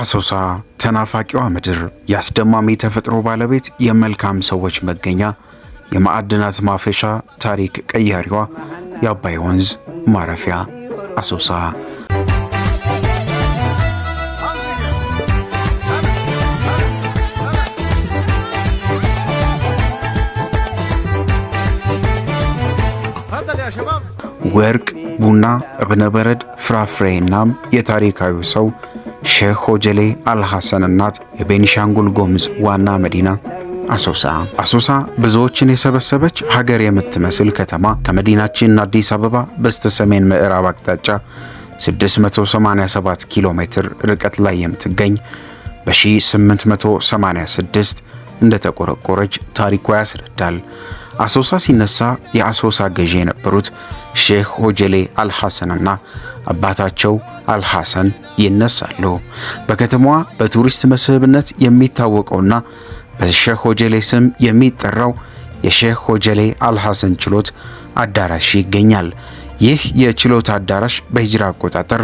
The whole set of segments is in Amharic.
አሶሳ ተናፋቂዋ ምድር የአስደማሚ ተፈጥሮ ባለቤት፣ የመልካም ሰዎች መገኛ፣ የማዕድናት ማፈሻ፣ ታሪክ ቀያሪዋ የአባይ ወንዝ ማረፊያ አሶሳ። ወርቅ፣ ቡና፣ እብነበረድ፣ ፍራፍሬ እናም የታሪካዊ ሰው ሼህ ሆጀሌ አልሐሰን እናት የቤኒሻንጉል ጎምዝ ዋና መዲና አሶሳ አሶሳ ብዙዎችን የሰበሰበች ሀገር የምትመስል ከተማ ከመዲናችን አዲስ አበባ በስተ ሰሜን ምዕራብ አቅጣጫ 687 ኪሎ ሜትር ርቀት ላይ የምትገኝ በ1886 እንደተቆረቆረች ታሪኳ ያስረዳል። አሶሳ ሲነሳ የአሶሳ ገዢ የነበሩት ሼህ ሆጀሌ አልሐሰንና አባታቸው አልሐሰን ይነሳሉ። በከተማዋ በቱሪስት መስህብነት የሚታወቀውና በሼህ ሆጀሌ ስም የሚጠራው የሼህ ሆጀሌ አልሐሰን ችሎት አዳራሽ ይገኛል። ይህ የችሎት አዳራሽ በሂጅራ አቆጣጠር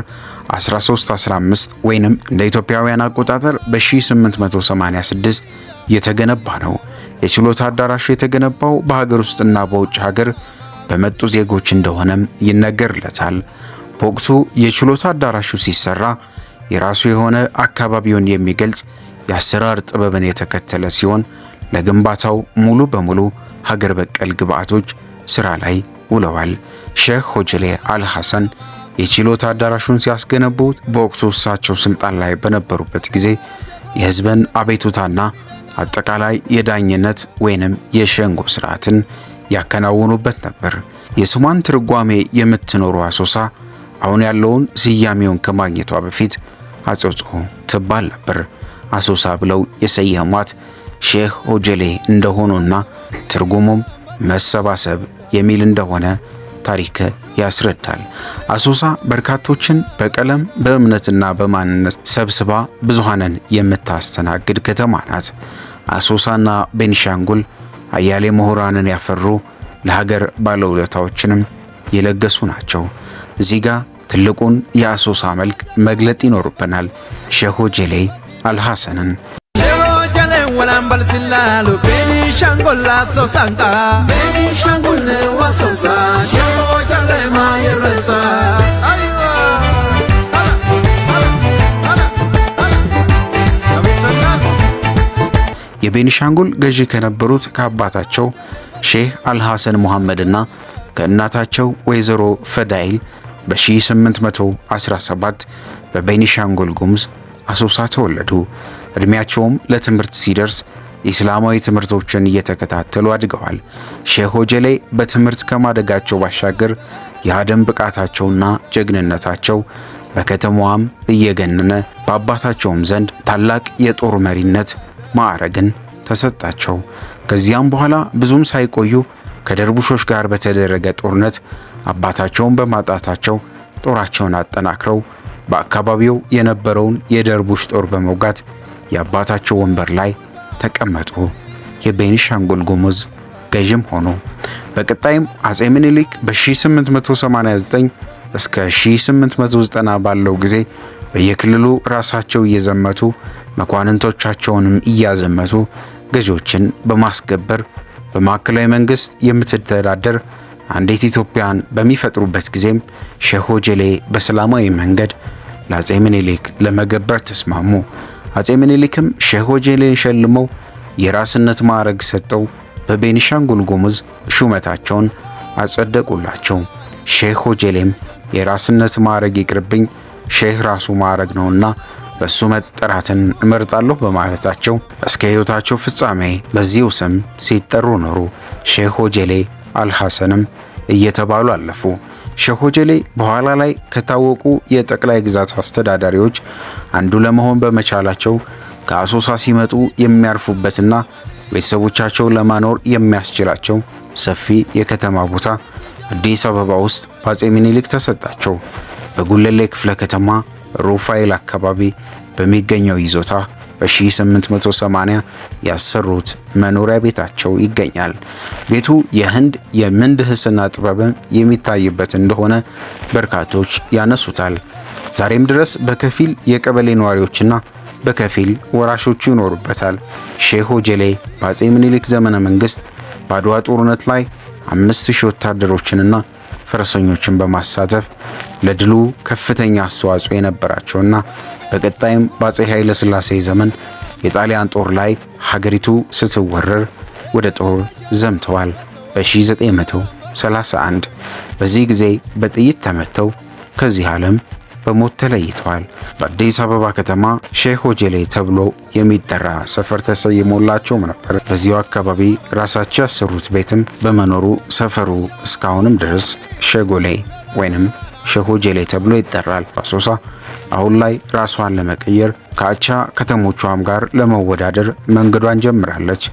1315 ወይንም እንደ ኢትዮጵያውያን አቆጣጠር በ1886 የተገነባ ነው። የችሎት አዳራሹ የተገነባው በሀገር ውስጥና በውጭ ሀገር በመጡ ዜጎች እንደሆነም ይነገርለታል። በወቅቱ የችሎት አዳራሹ ሲሰራ የራሱ የሆነ አካባቢውን የሚገልጽ የአሰራር ጥበብን የተከተለ ሲሆን ለግንባታው ሙሉ በሙሉ ሀገር በቀል ግብዓቶች ስራ ላይ ውለዋል። ሼህ ሆጀሌ አልሐሰን የችሎት አዳራሹን ሲያስገነቡ በወቅቱ እሳቸው ስልጣን ላይ በነበሩበት ጊዜ የህዝብን አቤቱታና አጠቃላይ የዳኝነት ወይንም የሸንጎ ስርዓትን ያከናውኑበት ነበር። የስሟን ትርጓሜ የምትኖሩ አሶሳ አሁን ያለውን ስያሜውን ከማግኘቷ በፊት አጾጾ ትባል ነበር። አሶሳ ብለው የሰየሟት ሼህ ኦጀሌ እንደሆኑና ትርጉሙም መሰባሰብ የሚል እንደሆነ ታሪክ ያስረዳል። አሶሳ በርካቶችን በቀለም በእምነትና በማንነት ሰብስባ ብዙሃንን የምታስተናግድ ከተማ ናት። አሶሳና ቤኒሻንጉል አያሌ ምሁራንን ያፈሩ ለሀገር ባለውለታዎችንም የለገሱ ናቸው። እዚህ ጋር ትልቁን የአሶሳ መልክ መግለጥ ይኖርብናል። ሸሆ ጀሌ አልሐሰንን የቤኒሻንጉል ገዢ ከነበሩት ከአባታቸው ሼህ አልሐሰን ሙሐመድና ከእናታቸው ወይዘሮ ፈዳይል በ1817 በቤኒሻንጉል ጉሙዝ አሶሳ ተወለዱ። እድሜያቸውም ለትምህርት ሲደርስ ኢስላማዊ ትምህርቶችን እየተከታተሉ አድገዋል። ሼህ ሆጀሌ በትምህርት ከማደጋቸው ባሻገር የአደም ብቃታቸውና ጀግንነታቸው በከተማዋም እየገነነ በአባታቸውም ዘንድ ታላቅ የጦር መሪነት ማዕረግን ተሰጣቸው። ከዚያም በኋላ ብዙም ሳይቆዩ ከደርቡሾች ጋር በተደረገ ጦርነት አባታቸውን በማጣታቸው ጦራቸውን አጠናክረው በአካባቢው የነበረውን የደርቡሽ ጦር በመውጋት የአባታቸው ወንበር ላይ ተቀመጡ። የቤኒሻንጉል ጉሙዝ ገዥም ሆኑ። በቀጣይም አጼ ምኒልክ በ1889 እስከ 1890 ባለው ጊዜ በየክልሉ ራሳቸው እየዘመቱ መኳንንቶቻቸውንም እያዘመቱ ገዢዎችን በማስገበር በማዕከላዊ መንግስት የምትተዳደር አንዲት ኢትዮጵያን በሚፈጥሩበት ጊዜም ሼህ ጀሌ በሰላማዊ መንገድ ለአጼ ምኒልክ ለመገበር ተስማሙ። አጼ ምኒልክም ሼህ ጀሌን ሸልመው የራስነት ማዕረግ ሰጠው። በቤኒሻንጉል ጉሙዝ ሹመታቸውን አጸደቁላቸው። ሼህ ጀሌም የራስነት ማዕረግ ይቅርብኝ፣ ሼህ ራሱ ማዕረግ ነውና በሱ መጠራትን እመርጣለሁ በማለታቸው እስከ ሕይወታቸው ፍጻሜ በዚሁ ስም ሲጠሩ ኖሩ። ሼሆ ጀሌ አልሐሰንም እየተባሉ አለፉ። ሸሆጀሌ በኋላ ላይ ከታወቁ የጠቅላይ ግዛት አስተዳዳሪዎች አንዱ ለመሆን በመቻላቸው ከአሶሳ ሲመጡ የሚያርፉበትና ቤተሰቦቻቸው ለማኖር የሚያስችላቸው ሰፊ የከተማ ቦታ አዲስ አበባ ውስጥ በአጼ ምኒልክ ተሰጣቸው። በጉለሌ ክፍለ ከተማ ሩፋኤል አካባቢ በሚገኘው ይዞታ በ1880 ያሰሩት መኖሪያ ቤታቸው ይገኛል። ቤቱ የህንድ የምህንድስና ጥበብም የሚታይበት እንደሆነ በርካቶች ያነሱታል። ዛሬም ድረስ በከፊል የቀበሌ ነዋሪዎችና በከፊል ወራሾቹ ይኖሩበታል። ሼሆ ጀሌ በአፄ ምኒልክ ዘመነ መንግስት በአድዋ ጦርነት ላይ አምስት ሺህ ወታደሮችንና ፈረሰኞችን በማሳተፍ ለድሉ ከፍተኛ አስተዋጽኦ የነበራቸውና በቀጣይም በአጼ ኃይለ ሥላሴ ዘመን የጣሊያን ጦር ላይ ሀገሪቱ ስትወረር ወደ ጦር ዘምተዋል። በ1931 በዚህ ጊዜ በጥይት ተመተው ከዚህ ዓለም በሞት ተለይተዋል። በአዲስ አበባ ከተማ ሼህ ሆጀሌ ተብሎ የሚጠራ ሰፈር ተሰይሞላቸውም ነበር። በዚያው አካባቢ ራሳቸው ያሰሩት ቤትም በመኖሩ ሰፈሩ እስካሁንም ድረስ ሸጎሌ ወይንም ሼህ ተብሎ ይጠራል። አሶሳ አሁን ላይ ራሷን ለመቀየር ከአቻ ከተሞቿም ጋር ለመወዳደር መንገዷን ጀምራለች።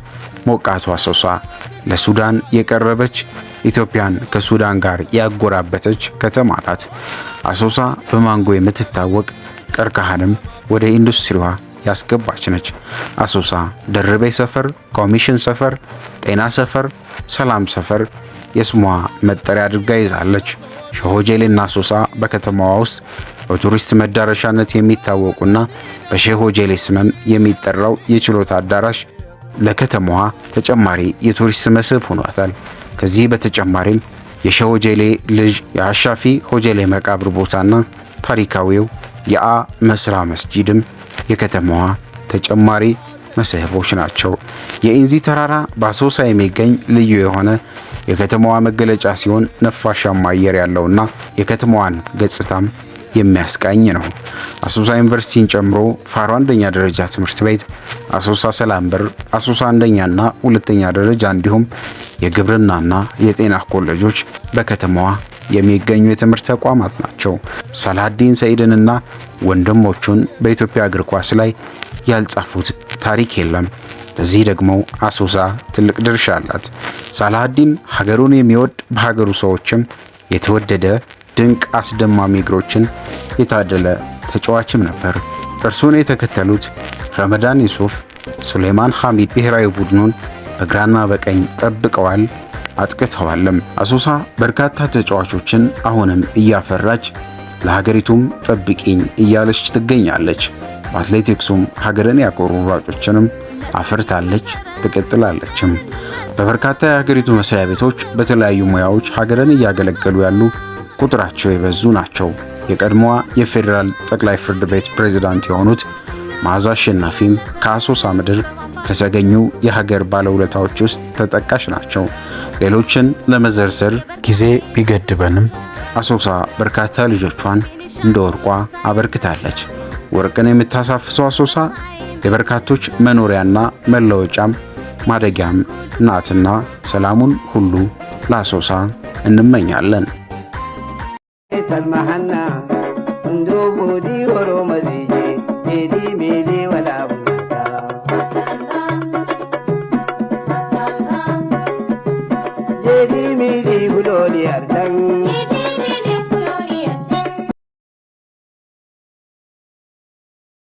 ሞቃቷ አሶሳ ለሱዳን የቀረበች ኢትዮጵያን ከሱዳን ጋር ያጎራበተች ከተማ ናት። አሶሳ በማንጎ የምትታወቅ ቀርከሃንም ወደ ኢንዱስትሪዋ ያስገባች ነች። አሶሳ ደርቤ ሰፈር፣ ኮሚሽን ሰፈር፣ ጤና ሰፈር፣ ሰላም ሰፈር የስሟ መጠሪያ አድርጋ ይዛለች። ሸሆጄሌና አሶሳ በከተማዋ ውስጥ በቱሪስት መዳረሻነት የሚታወቁና በሸሆጄሌ ስምም የሚጠራው የችሎታ አዳራሽ ለከተማዋ ተጨማሪ የቱሪስት መስህብ ሆኗታል። ከዚህ በተጨማሪም የሸህ ልጅ የአሻፊ ሆጀሌ መቃብር ቦታና ታሪካዊው የአ መስራ መስጂድም የከተማዋ ተጨማሪ መስህቦች ናቸው። የኢንዚ ተራራ በአሶሳ የሚገኝ ልዩ የሆነ የከተማዋ መገለጫ ሲሆን ነፋሻማ አየር ያለውና የከተማዋን ገጽታም የሚያስቃኝ ነው። አሶሳ ዩኒቨርሲቲን ጨምሮ ፋሮ አንደኛ ደረጃ ትምህርት ቤት፣ አሶሳ ሰላም በር፣ አሶሳ አንደኛና ሁለተኛ ደረጃ እንዲሁም የግብርናና የጤና ኮሌጆች በከተማዋ የሚገኙ የትምህርት ተቋማት ናቸው። ሳላዲን ሰኢድንና ወንድሞቹን በኢትዮጵያ እግር ኳስ ላይ ያልጻፉት ታሪክ የለም። ለዚህ ደግሞ አሶሳ ትልቅ ድርሻ አላት። ሳላዲን ሀገሩን የሚወድ በሀገሩ ሰዎችም የተወደደ ድንቅ አስደማሚ እግሮችን የታደለ ተጫዋችም ነበር። እርሱን የተከተሉት ረመዳን ዩሱፍ፣ ሱሌማን ሐሚድ ብሔራዊ ቡድኑን በግራና በቀኝ ጠብቀዋል፣ አጥቅተዋልም። አሶሳ በርካታ ተጫዋቾችን አሁንም እያፈራች ለሀገሪቱም ጠብቂኝ እያለች ትገኛለች። በአትሌቲክሱም ሀገርን ያኮሩ ሯጮችንም አፍርታለች ትቀጥላለችም። በበርካታ የሀገሪቱ መስሪያ ቤቶች በተለያዩ ሙያዎች ሀገርን እያገለገሉ ያሉ ቁጥራቸው የበዙ ናቸው። የቀድሞዋ የፌዴራል ጠቅላይ ፍርድ ቤት ፕሬዝዳንት የሆኑት መዓዛ አሸናፊም ከአሶሳ ምድር ከተገኙ የሀገር ባለውለታዎች ውስጥ ተጠቃሽ ናቸው። ሌሎችን ለመዘርዘር ጊዜ ቢገድበንም አሶሳ በርካታ ልጆቿን እንደ ወርቋ አበርክታለች። ወርቅን የምታሳፍሰው አሶሳ የበርካቶች መኖሪያና መለወጫም ማደጊያም ናትና ሰላሙን ሁሉ ለአሶሳ እንመኛለን። kalma hanna ndo horo mazi